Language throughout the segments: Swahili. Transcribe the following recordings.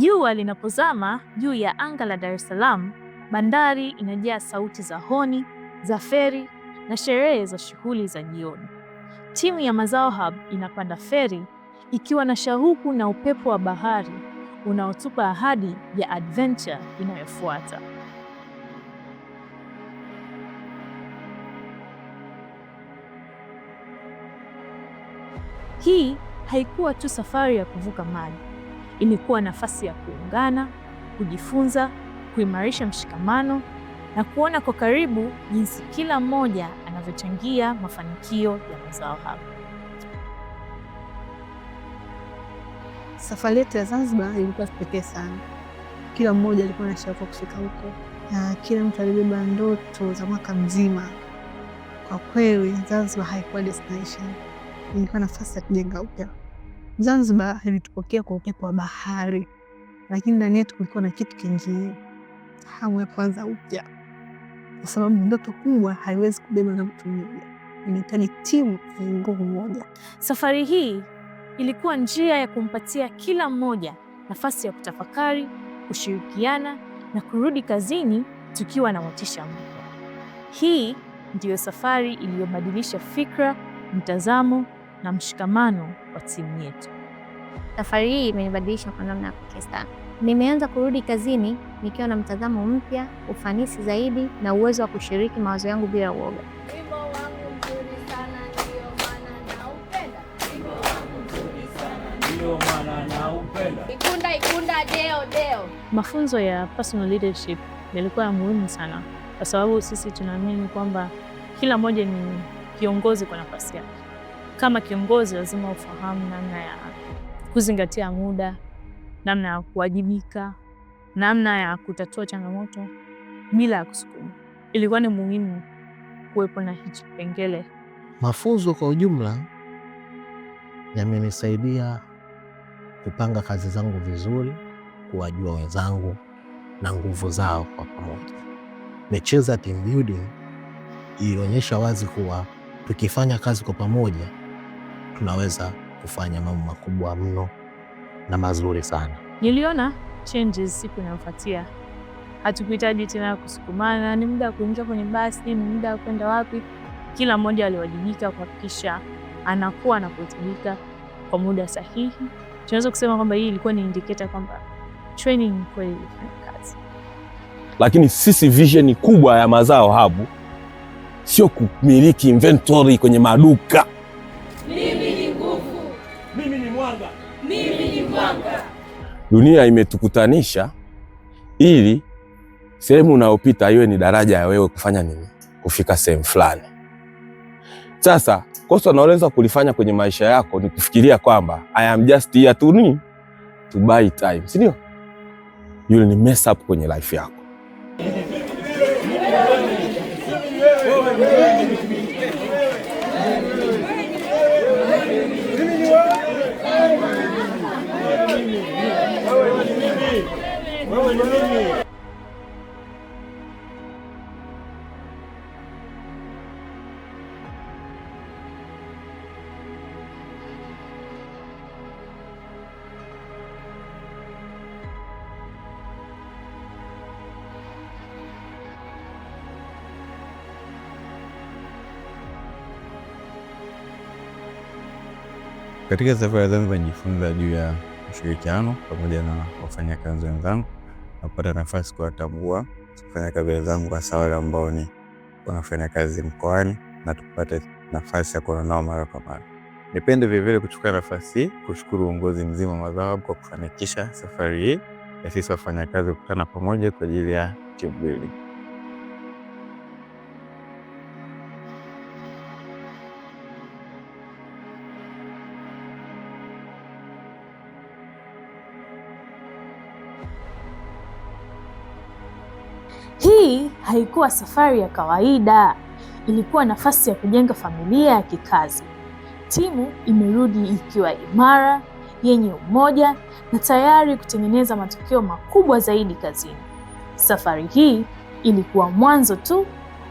Jua linapozama juu ya anga la Dar es Salaam, bandari inajaa sauti za honi za feri na sherehe za shughuli za jioni. Timu ya Mazao Hub inapanda feri ikiwa na shauku na upepo wa bahari unaotupa ahadi ya adventure inayofuata. Hii haikuwa tu safari ya kuvuka maji Ilikuwa nafasi ya kuungana, kujifunza, kuimarisha mshikamano na kuona kwa karibu jinsi kila mmoja anavyochangia mafanikio ya mazao hayo. Safari yetu ya Zanzibar ilikuwa pekee sana. Kila mmoja alikuwa na shauku kufika huko na kila mtu alibeba ndoto za mwaka mzima. Kwa kweli, Zanzibar haikuwa destination, ilikuwa nafasi ya kujenga upya. Zanzibar ilitupokea kwa upepo wa bahari, lakini ndani yetu kulikuwa na kitu kingine, hamu ya kwanza upya, kwa sababu ndoto kubwa haiwezi kubeba na mtu mmoja, inahitaji timu yenye nguvu moja. Safari hii ilikuwa njia ya kumpatia kila mmoja nafasi ya kutafakari, kushirikiana na kurudi kazini tukiwa na motisha mpya. Hii ndiyo safari iliyobadilisha fikra, mtazamo na mshikamano wa timu yetu. Safari hii imenibadilisha kwa namna ya pekee sana. Nimeanza kurudi kazini nikiwa na mtazamo mpya, ufanisi zaidi na uwezo wa kushiriki mawazo yangu bila uoga. Ikunda, ikunda, deo, deo. Mafunzo ya personal leadership yalikuwa ya muhimu sana kwa sababu sisi tunaamini kwamba kila mmoja ni kiongozi kwa nafasi yake kama kiongozi lazima ufahamu namna ya kuzingatia muda, namna ya kuwajibika, namna ya kutatua changamoto bila ya kusukuma. Ilikuwa ni muhimu kuwepo na hichi kipengele. Mafunzo kwa ujumla yamenisaidia kupanga kazi zangu vizuri, kuwajua wenzangu na nguvu zao kwa pamoja. mecheza team building ilionyesha wazi kuwa tukifanya kazi kwa pamoja tunaweza kufanya mambo makubwa mno na mazuri sana. Niliona changes siku inayofuatia, hatukuhitaji tena kusukumana. Ni muda wa kuingia kwenye basi, ni muda wa kwenda wapi. Kila mmoja aliwajibika kuhakikisha anakuwa anapohitajika kwa muda sahihi. Tunaweza kusema kwamba hii ilikuwa ni indiketa kwamba training kweli ilifanya kazi, lakini sisi vision kubwa ya Mazao Hub sio kumiliki inventory kwenye maduka dunia imetukutanisha ili sehemu unayopita iwe ni daraja ya wewe kufanya nini, kufika sehemu fulani. Sasa kosa unaloweza kulifanya kwenye maisha yako ni kufikiria kwamba I am just here to, to buy time, si ndio? You'll mess up kwenye life yako. Wewe ni nini? Katika safari zangu najifunza juu ya ushirikiano pamoja na wafanyakazi wenzangu napata nafasi kuwatambua kazi zangu hasa wale ambao ni wanafanya kazi mkoani na tupate nafasi ya kuona nao mara kwa mara. Nipende vilevile kuchukua nafasi hii kushukuru uongozi mzima wa madhabahu kwa kufanikisha safari hii ya sisi wafanyakazi kukutana pamoja kwa ajili ya team building. Hii haikuwa safari ya kawaida, ilikuwa nafasi ya kujenga familia ya kikazi. Timu imerudi ikiwa imara, yenye umoja na tayari kutengeneza matokeo makubwa zaidi kazini. Safari hii ilikuwa mwanzo tu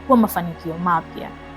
wa mafanikio mapya.